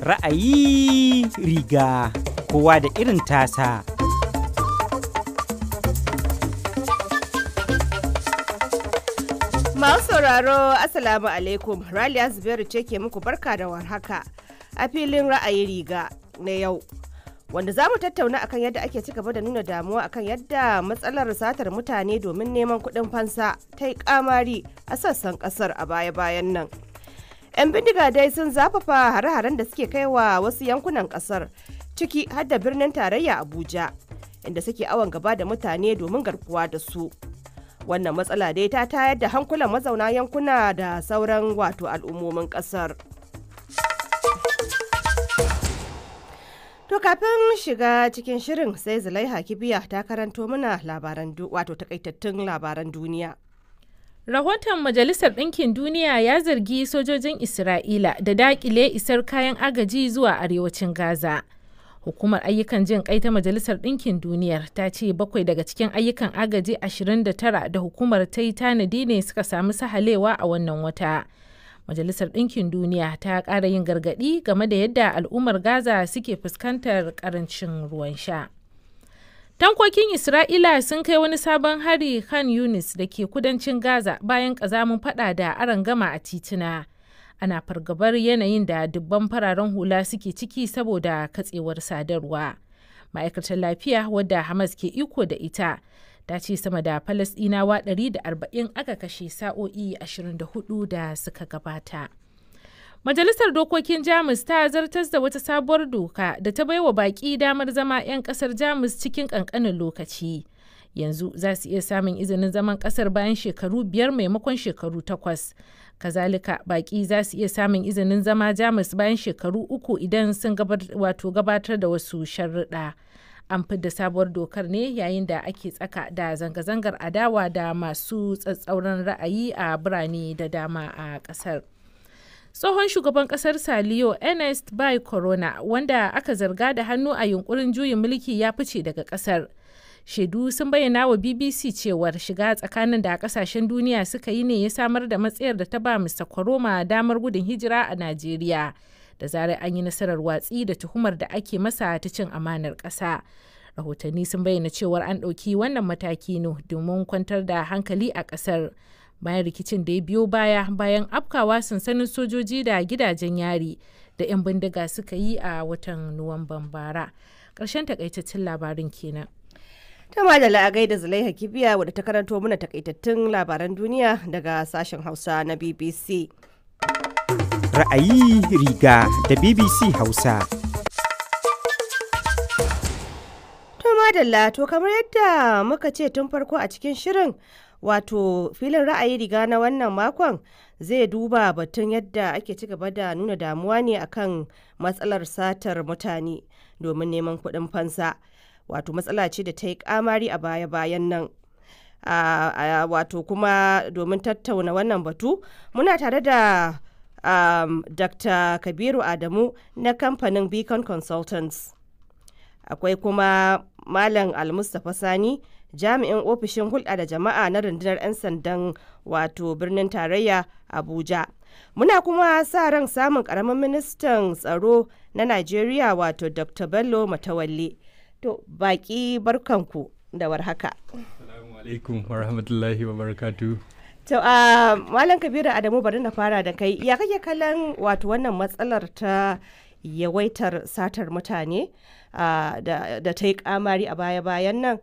ra'ayi riga kowa da irin tasa. Masu sauraro asalamu alaikum Raliya Zubairu ce ke muku barka da warhaka a filin ra'ayi riga na yau. Wanda za mu tattauna akan yadda ake ci da nuna damuwa akan yadda matsalar satar mutane domin neman kuɗin fansa ta yi kamari a sassan ƙasar a baya-bayan nan. 'Yan bindiga dai sun zafafa hare-haren da suke kaiwa wasu yankunan kasar ciki har da birnin tarayya Abuja inda suke awon gaba da mutane domin garkuwa da su. Wannan matsala dai ta tayar da hankulan mazauna yankuna da sauran wato al'ummomin kasar. To kafin shiga cikin shirin sai Zulaiha Kibiya ta karanto mana wato takaitattun labaran duniya. Rahoton Majalisar Ɗinkin Duniya ya zargi sojojin Isra'ila da dakile isar kayan agaji zuwa arewacin Gaza. Hukumar ayyukan jin kai ta Majalisar Ɗinkin duniya ta ce bakwai daga cikin ayyukan agaji 29 da hukumar ta yi tanadi ne suka samu sahalewa a wannan wata. Majalisar Ɗinkin Duniya ta ƙara yin gargaɗi game da yadda al'ummar Gaza suke fuskantar ƙarancin ruwan sha. Tankokin Isra'ila sun kai wani sabon hari Khan Yunis da ke kudancin Gaza bayan ƙazamin fada da gama a titina. Ana fargabar yanayin da dubban fararen hula suke ciki saboda katsewar sadarwa. Ma'aikatar lafiya wadda Hamas ke iko da ita ta ce sama da Falasɗinawa 140 aka kashe sa'o'i 24 da suka gabata. Majalisar Dokokin Jamus ta zartar da wata sabuwar doka da ta baiwa baƙi damar zama 'yan ƙasar Jamus cikin ƙanƙanin lokaci. Yanzu za su iya samun izinin zaman ƙasar bayan shekaru biyar maimakon shekaru takwas. Kazalika baƙi za su iya samun izinin zama Jamus bayan shekaru uku idan sun gabatar da wasu sharruɗa. An fi da sabuwar dokar ne yayin da ake tsaka da zanga-zangar adawa da masu tsatsauran ra'ayi a birane da dama a ƙasar. tsohon shugaban kasar saliyo ernest by corona wanda aka zarga da hannu a yunkurin juyin mulki ya fice daga kasar shaidu sun bayyana wa bbc cewar shiga tsakanin da kasashen duniya suka yi ne ya samar da matsayar da ta ba mr koroma damar gudun hijira a najeriya da zarar an yi nasarar watsi da tuhumar da ake masa ta cin amanar kasa rahotanni sun bayyana cewar an ɗauki wannan mataki ne domin kwantar da hankali a ƙasar bayan rikicin da ya biyo baya bayan afkawa sansanin sojoji da gidajen yari da 'yan bindiga suka yi a watan nuwamban bara ƙarshen takaitaccen labarin kenan ta ma da la'agai da zulaiha kibiya wadda ta karanto mana takaitattun labaran duniya daga sashen hausa na bbc ra'ayi riga da bbc hausa to madalla to kamar yadda muka ce tun farko a cikin shirin Wato filin ra'ayi riga na wannan makon zai duba batun yadda ake ci gaba da nuna damuwa ne akan matsalar satar mutane domin neman kuɗin fansa. Wato matsala ce da ta yi kamari a baya-bayan nan. wato kuma domin tattauna wannan batu muna tare da um, dr kabiru adamu na kamfanin beacon consultants akwai kuma malam almustapha sani jami'in ofishin hulɗa da jama'a na rundunar 'yan sandan wato birnin tarayya abuja muna kuma sa ran samun ƙaramin ministan tsaro na nigeria wato dr bello matawalle to baki barkanku da warhaka to a malam kabiru adamu bari na fara da kai ya kake kallon wato wannan matsalar ta yawaitar satar mutane da ta yi kamari a baya-bayan nan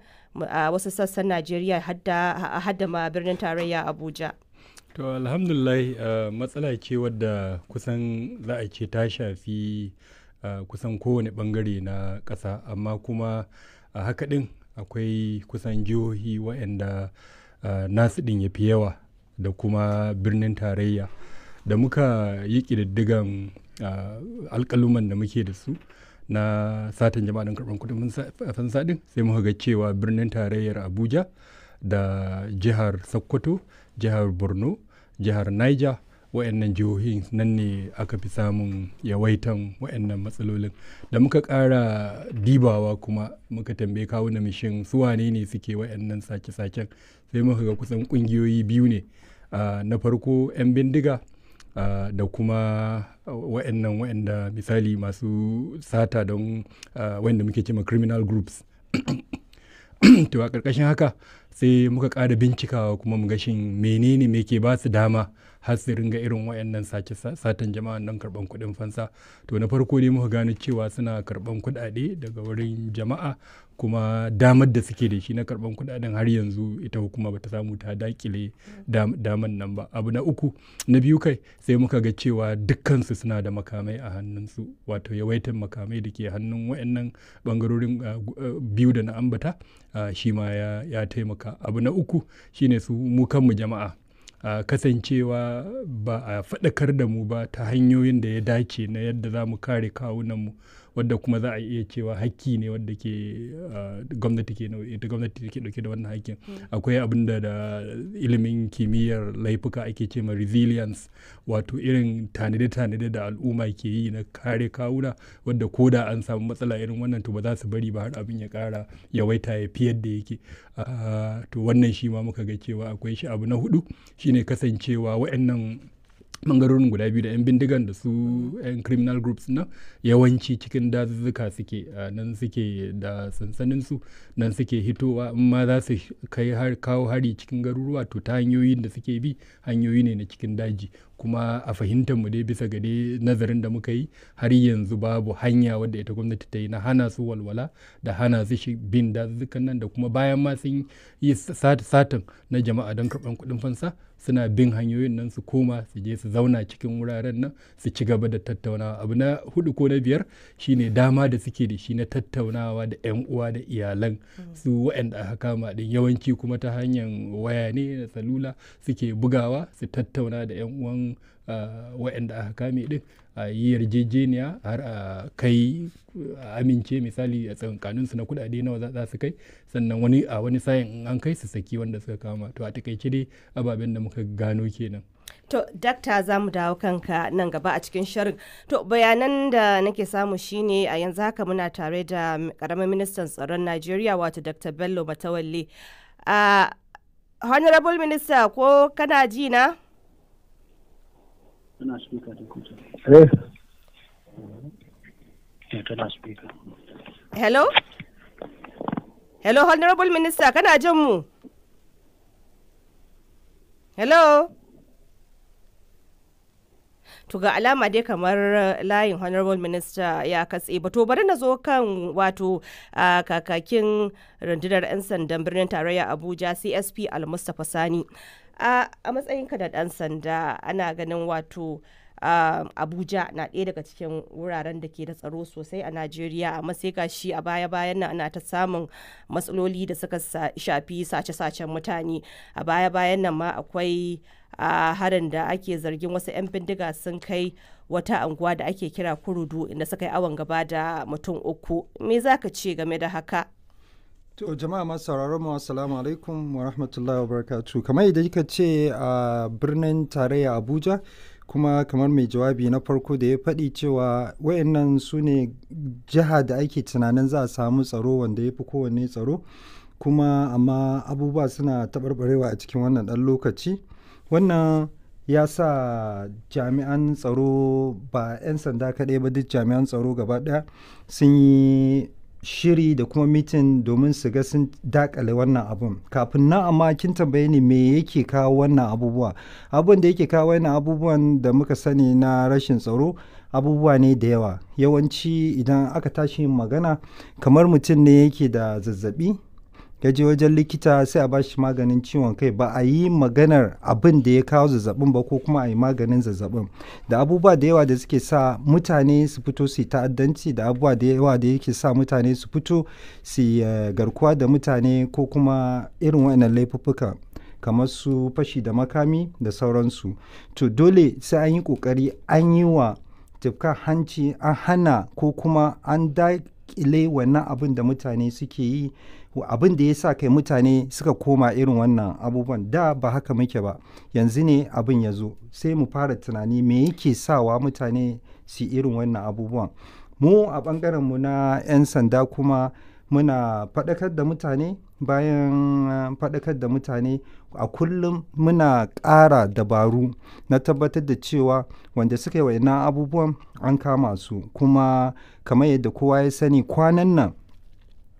a wasu sassan najeriya hadda ma birnin tarayya abuja to alhamdulillah matsala ce wadda kusan za a ce ta shafi kusan kowane bangare na ƙasa amma kuma a haka din akwai kusan jihohi waɗanda nasu ɗin ya fi yawa da kuma birnin tarayya da muka yi ƙididdigan Uh, alƙaluman da muke da su na satan jama'a don karɓar kuɗin fansa ɗin sai muka ga cewa birnin tarayyar abuja da jihar sokoto jihar borno jihar niger wa'annan jihohi nan ne aka fi samun yawaitan wa'annan matsalolin da muka ƙara dibawa kuma muka tambaye kawo na mishin su wanene ne suke wa'annan sace-sacen sai muka ga kusan ƙungiyoyi biyu ne uh, na farko 'yan bindiga Ah, da kuma ah, wa'annan wa'anda misali masu sata don ah, wa'anda muke cema criminal groups to a ƙarƙashin haka sai muka ƙara bincikawa kuma mu gashin menene me ke ba su dama har su ringa irin wayannan sace satan jama'an nan karban kuɗin fansa to na farko ne muka gane cewa suna karban kuɗaɗe daga wurin jama'a kuma damar da suke da shi na karban kuɗaɗen har yanzu ita hukuma bata samu ta dakile daman nan ba abu na uku na biyu kai sai muka ga cewa dukkansu suna da makamai a hannunsu wato yawaitar makamai da ke hannun wayannan bangarorin biyu da na ambata shi ma ya taimaka abu na uku shine su mu kanmu jama'a Uh, kasancewa ba a faɗakar da mu ba ta hanyoyin da ya dace na yadda za mu kare kawunanmu wadda kuma za a iya cewa hakki ne wadda ke gwamnati ke ita gwamnati ke dauke da wannan hakkin hmm. akwai abin da da ilimin kimiyyar laifuka ake ce ma resilience wato irin tanade-tanade da al'umma ke yi na kare kawuna wadda ko da an samu matsala irin wannan to ba za su bari ba har abin ya kara yawaita ya fi yadda yake to wannan shi ma muka ga cewa akwai shi abu na hudu shine kasancewa waɗannan bangarorin guda biyu da 'yan bindigan da su 'yan criminal groups na yawanci cikin dazuzzuka suke nan suke da sansanin su nan suke hitowa in ma za su kai har kawo hari cikin garuruwa to ta hanyoyin da suke bi hanyoyi ne na cikin daji kuma a fahimtar mu dai bisa ga dai nazarin da muka yi har yanzu babu hanya wadda ita gwamnati ta yi na hana su walwala da hana su bin dazuzzukan nan da kuma bayan ma sun yi satan na jama'a don karɓar kuɗin fansa suna bin hanyoyin nan su koma su je su zauna cikin wuraren nan su ci gaba da tattaunawa abu na hudu ko na biyar shine dama da suke da shi na tattaunawa da yan uwa da iyalan su wa'anda aka kama din yawanci kuma ta hanyar waya ne da salula suke bugawa su tattauna da yan uwan ah, wa'anda aka kame din a yarjejeniya har a kai amince misali a tsakanin su na kudade nawa za su kai sannan wani a wani sayin in an kai su saki wanda suka kama to a takaice dai ababen da muka gano kenan To, dakta za mu dawo kanka nan gaba a cikin shirin. To, bayanan da nake samu shine a yanzu haka muna tare da karamin ministan tsaron Najeriya wato dakta Bello Matawalle. Uh, ah, Honorable Minister, ko kana ji na? tana speaker da kuta eh tana speaker hello hello honorable minister kana jin mu hello to ga alama dai kamar eh, layin honorable minister ya katse ba to bari na zo kan wato ah, kakakin rundunar 'yan sandan birnin tarayya abuja csp al-mustapha sani a matsayinka da ɗan sanda ana ganin wato abuja na ɗaya daga cikin wuraren da ke da tsaro sosai a najeriya amma sai ga shi a baya-bayan nan ana ta samun matsaloli da suka shafi sace-sacen mutane a baya-bayan nan ma akwai a harin da ake zargin wasu 'yan bindiga sun kai wata anguwa da ake kira kurudu inda suka yi awon gaba da mutum uku me za ka ce game da haka To jama'a masu sauraron mu assalamu alaikum wa rahmatullahi wa barakatuh. Kamar idan kika ce a birnin tarayya Abuja kuma kamar mai jawabi na farko da ya faɗi cewa wayannan su ne jiha da ake tunanin za a samu tsaro wanda ya fi kowanne tsaro kuma amma abubuwa suna taɓarɓarewa a cikin wannan ɗan lokaci. Wannan ya sa jami'an tsaro ba 'yan sanda kaɗai ba duk jami'an tsaro gaba ɗaya sun yi shiri da kuma mitin domin su ga sun dakale wannan abun kafin na amma kin tambaye ni me yake kawo wannan abubuwa abun da yake kawo wannan abubuwan da muka sani na rashin tsaro abubuwa ne da yawa yawanci idan aka tashi magana kamar mutum ne yake da zazzabi ya je wajen likita sai a bashi maganin ciwon kai ba a yi maganar abin da ya kawo zazzabin ba ko kuma a yi maganin zazzabin da abubuwa da yawa da suke sa mutane su fito su ta'addanci da abubuwa da yawa da yake sa mutane su fito su eh, garkuwa da mutane ko kuma irin waɗannan laifuffuka kamar su fashi da makami da sauransu to dole sai an yi ƙoƙari an yi wa tafka hanci an hana ko kuma an kile wannan abin da mutane suke yi abin da ya sa kai mutane suka koma irin wannan abubuwan da ba haka muke ba yanzu ne abin ya zo sai mu fara tunani me yake sawa mutane su irin wannan abubuwan mu a mu na 'yan sanda kuma muna faɗakar da mutane bayan ah, faɗakar da mutane a kullum muna ƙara dabaru na tabbatar da cewa wanda suka yi wa'ina abubuwan an kama su kuma kamar yadda kowa ya sani kwanan nan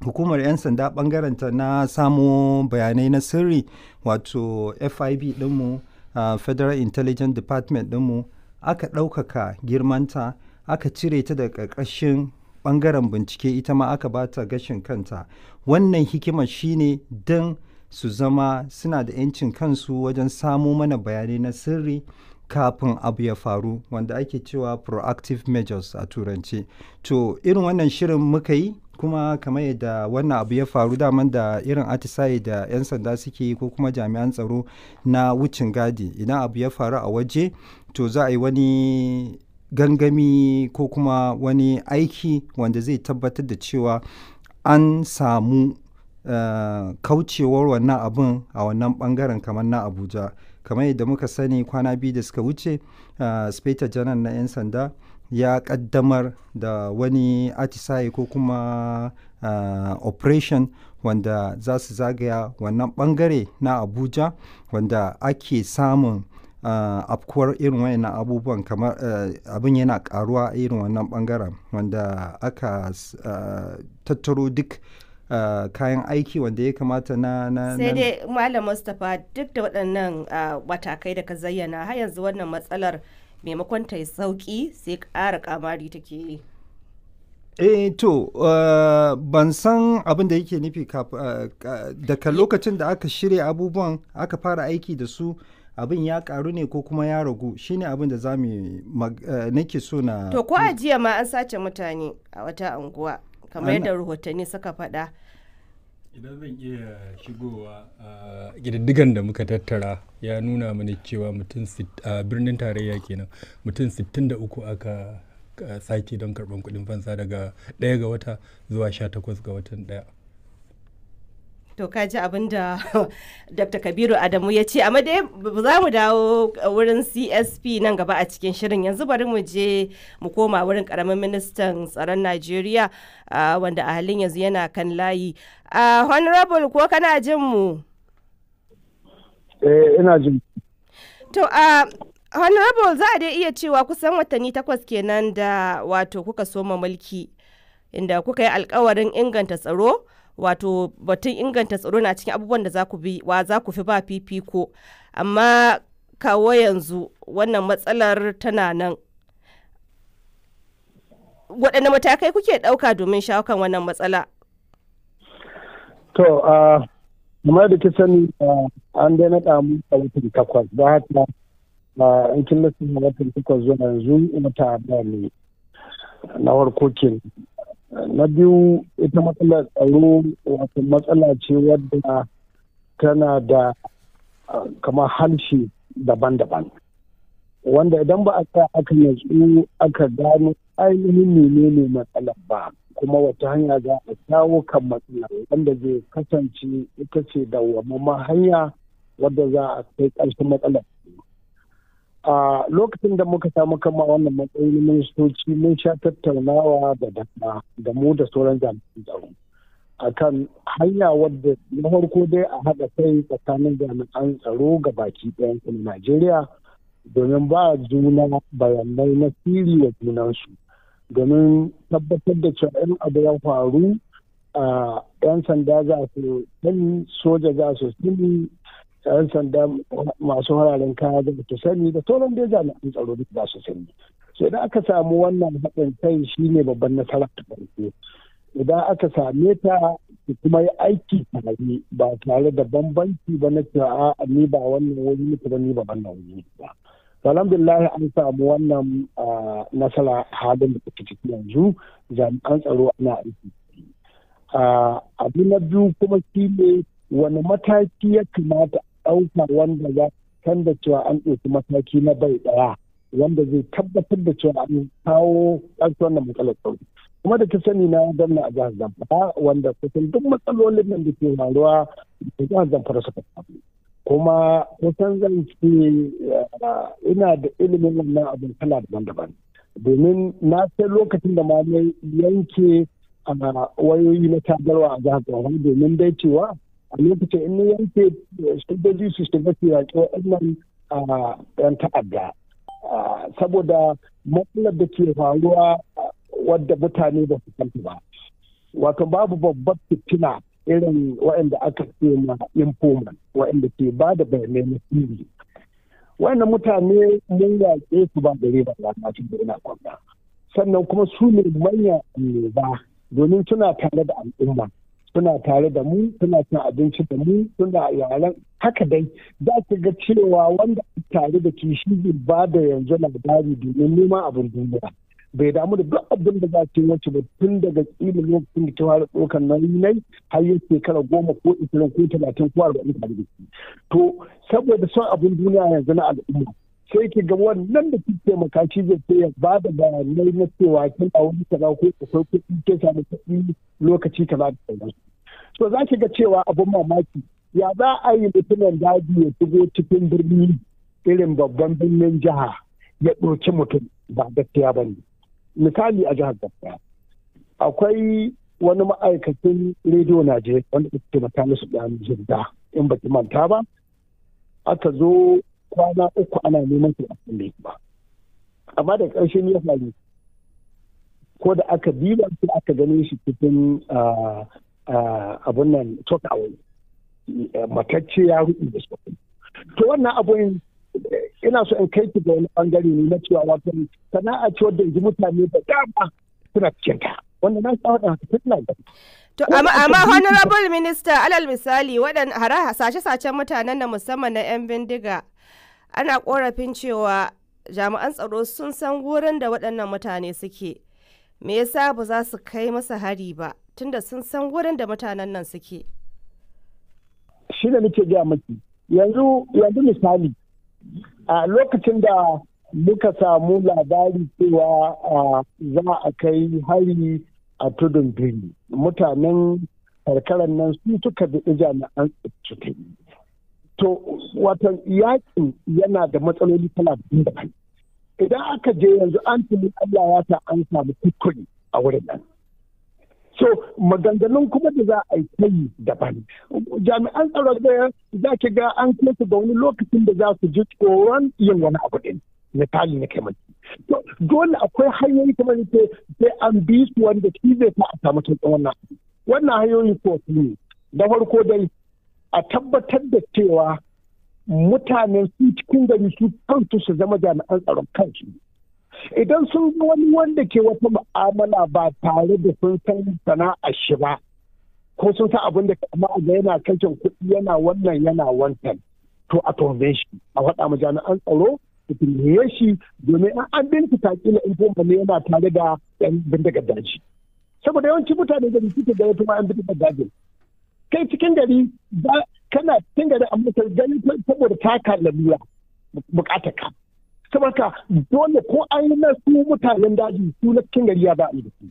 hukumar 'yan sanda ɓangaren ta na samo bayanai na sirri wato fib ɗinmu uh, ah, federal intelligence department ɗinmu aka ɗaukaka girmanta aka cire ta daga ƙarƙashin ɓangaren bincike ita ma aka ba ta gashin kanta wannan hikimar shine don su zama suna da 'yancin kansu wajen samo mana bayanai na sirri kafin abu ya faru wanda ake cewa proactive measures a turance to irin wannan shirin muka yi kuma kamar yadda wannan abu ya faru dama da irin atisaye da 'yan sanda suke ko kuma jami'an tsaro na wucin gadi idan abu ya faru a waje to za a yi wani gangami ko kuma wani aiki wanda zai tabbatar da cewa an samu uh, kaucewar wannan abin a wannan bangaren kamar na abuja kamar yadda muka sani kwana biyu da suka wuce uh, spater janar na 'yan sanda ya kaddamar da wani atisaye ko kuma uh, operation wanda za su zagaya wannan bangare na abuja wanda ake samun afkuwar irin na abubuwan kamar abin yana karuwa irin wannan bangaren wanda aka tattaro duk kayan aiki wanda ya kamata na na sai dai malam mustapha duk da waɗannan matakai da ka zayyana har yanzu wannan matsalar maimakon ta yi sauki sai ƙara kamari take yi e to ban san abin da yake nufi daga lokacin da aka shirya abubuwan aka fara aiki da su abin ya karu ne ko kuma ya ragu shine abin da za mu eh, nake so na to ko ajiya ma an sace mutane a wata anguwa kamar yadda rahotanni suka faɗa idan zan iya shigowa a da muka tattara ya nuna mana cewa mutum a birnin tarayya kenan mutum 63 aka sake don karɓar kuɗin fansa daga 1 ga wata zuwa 18 ga watan ɗaya. to ka ji abin da dr kabiru adamu ya ce amma dai za mu dawo wurin csp nan gaba a cikin shirin yanzu bari mu je mu koma wurin karamin ministan tsaron najeriya wanda a halin yanzu yana kan layi honorable ko kana jin mu eh ina jin to a honorable za a dai iya cewa kusan watanni takwas kenan da wato kuka soma mulki inda kuka yi alkawarin inganta tsaro wato batun inganta tsaro na cikin abubuwan da za ku bi wa za ku fi ba fifiko amma kawo yanzu wannan matsalar tana nan waɗanne matakai kuke ɗauka domin shawo kan wannan matsala to kuma da ke sani an daina damu a watan takwas ba haka in kin lissafa watan takwas zuwa yanzu ina ta ne na farko na biyu ita matsalar tsaro wato matsala ce wadda tana da kamar harshe daban-daban wanda idan ba a sa aka yanzu aka gano ainihin menene matsalar ba kuma wata hanya za a kawo kan matsalar wanda zai kasance ita ce dawwamamman hanya wadda za a kai ƙarshen matsalar a lokacin da muka samu kama wannan matsayi na ministoci mun sha tattaunawa da dama da mu da sauran jami'an tsaro a kan hanya wadda na farko dai a haɗa kai tsakanin jami'an tsaro ga baki ɗayan na najeriya domin ba juna bayanai na siri wa junansu domin tabbatar da cewa yan abu ya faru a 'yan sanda za su sani soja za su sani 'yan sanda masu hararen kaya da ta sani da sauran da jami'an tsaro duk ba su sani so idan aka samu wannan haɗin kai shine babban nasara ta farko idan aka same ta kuma yi aiki tare ba tare da bambanci ba na cewa a ni ba wannan wani nake ba ni ba wannan wuri ba alhamdulillah an samu wannan nasara halin da kuke ciki yanzu jami'an tsaro ana aiki abu na biyu kuma shi ne wani mataki ya kamata ɗauka wanda za san da cewa an ɗauki mataki na bai ɗaya wanda zai tabbatar da cewa an kawo ƙarshen wannan matsalar sauri kuma da ta sani na gwamna a jihar zamfara wanda kusan duk matsalolin nan da ke faruwa da jihar zamfara suka samu kuma kusan zan ce eh, ina da ilimin wannan abin kala daban-daban domin na sai lokacin da ma yanke a ah, wayoyi na sadarwa a jihar zamfara domin dai cewa a lokacin in yanke eh, sojoji su shiga su yaƙi waɗannan yan ah, ta'adda ah, saboda matsalar da ke faruwa ah, wadda mutane ba su kanta ba wato babu babbar fitina irin waɗanda aka ce ma informant waɗanda ke ba da bayanai na sirri waɗannan mutane mun yaƙe su ba riba ba na cikin birnin kwamna sannan kuma su ne manyan ba domin suna tare da al'umma suna tare da mu suna cin abinci da mu suna yaran haka dai za ki ga cewa wanda tare da ke shi zai ba da yanzu labari domin neman abin duniya bai damu da duk abin da za ki wace ba tun daga kila lokacin da ta fara tsokan na nai har yi shekara goma ko ishirin ko talatin ko arba'in tare da shi to saboda son abin duniya yanzu na al'umma sai ki ga wannan da kike makaci zai ce ya ba da bayanai na cewa kin a wani kaza ko akwai kuɗi ke samu kuɗi lokaci kaza da sauran so za ki ga cewa abin mamaki ya za a yi mutumin daji ya shigo cikin birni irin babban birnin jiha ya ɗauki mutum ba gaskiya ba ne misali a jihar gaskiya akwai wani ma'aikacin rediyo najeriya wanda ake taimaka musu da jirga in ba ki manta ba aka zo kwana uku ana neman su a kulle ba amma da ƙarshen ya faru ko da aka biya su aka ganin shi cikin abun nan talk away eh, matacce ya rudu da su to wannan abun eh, ina so in kai ki da wani bangare ne na cewa wato sana'a ce wadda yanzu mutane da dama suna cikin ta wannan na sa da haka suna da To amma honorable minister alal misali waɗanda hara sace sacen mutanen da musamman na 'yan bindiga ana korafin cewa jami'an tsaro sun san wurin da waɗannan mutane suke me yasa ba za su kai masa hari ba tunda sun san wurin da mutanen nan suke shi da nake gaya maki yanzu yanzu misali a lokacin da muka samu labari cewa za a kai hari a tudun birni mutanen karkarar nan su suka biɗi jami'an tsaro to watan yaƙin yana da matsaloli kala biyu da idan aka je yanzu an tuni Allah ya ta an samu kukuri a wurin nan so maganganun kuma da za a yi ta yi daban jami'an tsaro da za ki ga an kai su ga wani lokacin da za su ji tsoron yin wani abu din misali na kai To, dole akwai hanyoyi kamar ce sai an bi su wanda shi zai fa a samu tuntun wannan wannan hanyoyi ko su ne da farko dai a tabbatar da cewa mutanen su cikin gari su kansu su zama jami'an tsaron kansu idan sun ga wani wanda ke wata mu'amala ba tare da sun san sana'a shi ba ko sun san abin da kama ga yana kashin kuɗi yana wannan yana wantan to a tome shi a faɗa ma jami'an tsaro su tuhume shi domin an an bincika kila in kuma ne yana tare da yan bindigar daji saboda yawanci mutane da suke da ma ma'an bindigar daji kai cikin gari ba kana cikin gari amma ka gani saboda taka lalura bukatar ka saboda dole ko an yi na su mutanen daji su na cikin gari ya ba a da su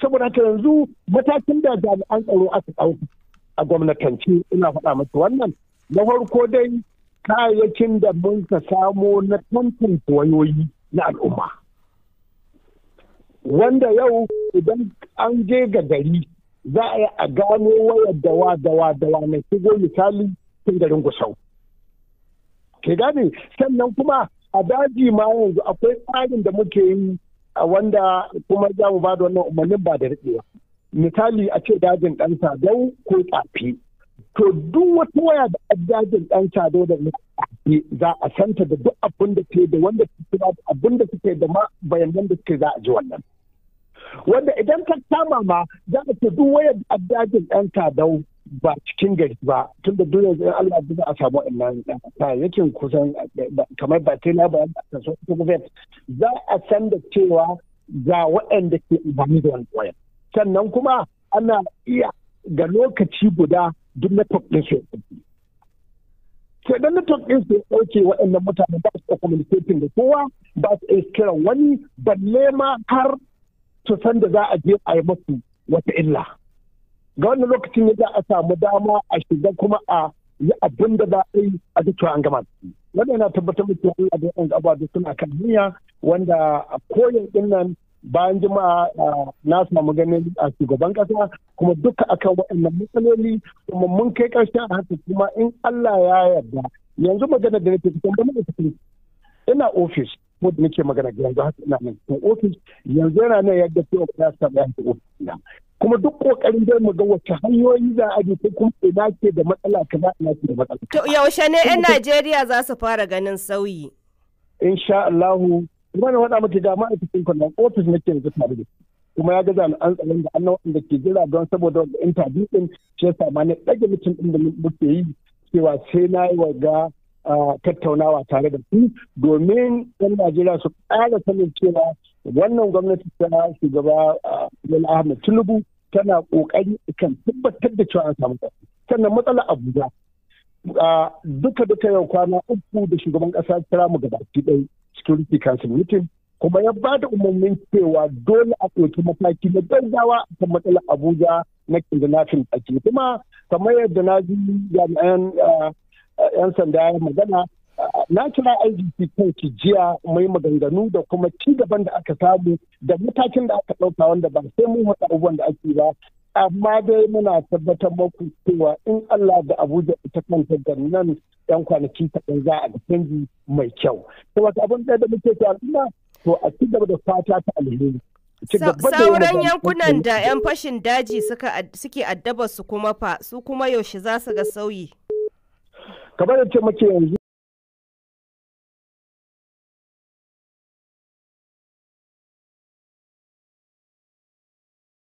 saboda haka yanzu matakin da jami'an tsaro aka ɗauka a gwamnatance ina faɗa masa wannan na farko dai kayayyakin da mun ka samo na tantance wayoyi na al'umma wanda yau idan an je ga gari za a yi a gano wayar dawa dawa dawa mai shigo misali tun garin gusau ke gane sannan kuma a daji ma yanzu akwai tsarin da muke yi a wanda kuma za mu ba da wannan umarnin ba da riƙewa misali a ce dajin ɗan sadau ko tsafi to duk wata waya da dajin ɗan sadau da tsafi za a santa da duk abin da ke da wanda suke da abin da suke da ma bayanan da suke za a ji wannan wanda idan ka kama ma za ka ce duk wayar addajin ɗan kadau ba cikin gari ba tun da duk yanzu Allah duk a samu innan yake kusan kamar ba tela ba ta so za a san da cewa ga waɗanda ke amfani da wannan sannan kuma ana iya ga lokaci guda duk network ɗin su sai dan network ɗin su ɗauke waɗannan mutane ba su communicating da kowa ba su iya wani balle ma har su san da za a je a yi masu wata illa ga wannan lokacin ya za a samu dama a shiga kuma a yi abin da za a yi a duk an gama wannan yana tabbatar da cewa a da yan gaba suna kan niyya wanda a koyan din nan bayan jima'a na samu ganin a shugaban kasa kuma duka akan waɗannan matsaloli kuma mun kai ƙarshen a hankali kuma in Allah ya yarda yanzu magana da nake cikin da ina ofis ko da nake magana ga yanzu haka ina nan ofis yanzu yana nan yadda cewa ya samu yanzu ofis na kuma duk kokarin dai mu ga wace hanyoyi za a bi ko kuma ina ke da matsala kaza ina ke da matsala to yaushe ne yan Najeriya za su fara ganin sauyi insha Allah kuma na wada miki aiki cikin kwallon ofis ke yanzu tare da kuma ya gaza an tsaron da annan wanda ke jira don saboda wanda interview din shi yasa ma ne dage mutum din da muke yi cewa sai na yi wa ga tattaunawa tare da su domin 'yan Najeriya su ƙara sanin cewa wannan gwamnati ta shugaba Bola Ahmed Tinubu tana ƙoƙari kan tabbatar da cewa an samu sannan matsalar Abuja duka duka yau kwana uku da shugaban ƙasa kira mu gaba ɗaya security council meeting kuma ya ba da umarnin cewa dole a ɗauki mataki na gaggawa a kan matsalar Abuja na kidnapping ake kuma kamar yadda na ji jami'an 'yan sanda ya magana na kira IGP kanki jiya mai maganganu da kuma ci gaban da aka samu da matakin da aka ɗauka wanda ba sai mun haɗa abubuwan da ake ba amma dai muna tabbatar muku cewa in Allah da Abuja ita kanta da nan yan kwanaki kaɗan za a ga canji mai kyau. to wata abin da muke cewa to a ci gaba da fata ta alheri. Sauran yankunan da 'yan fashin daji suke addaba su kuma fa su kuma yaushe za su ga sauyi. kamar de ce muke yanzu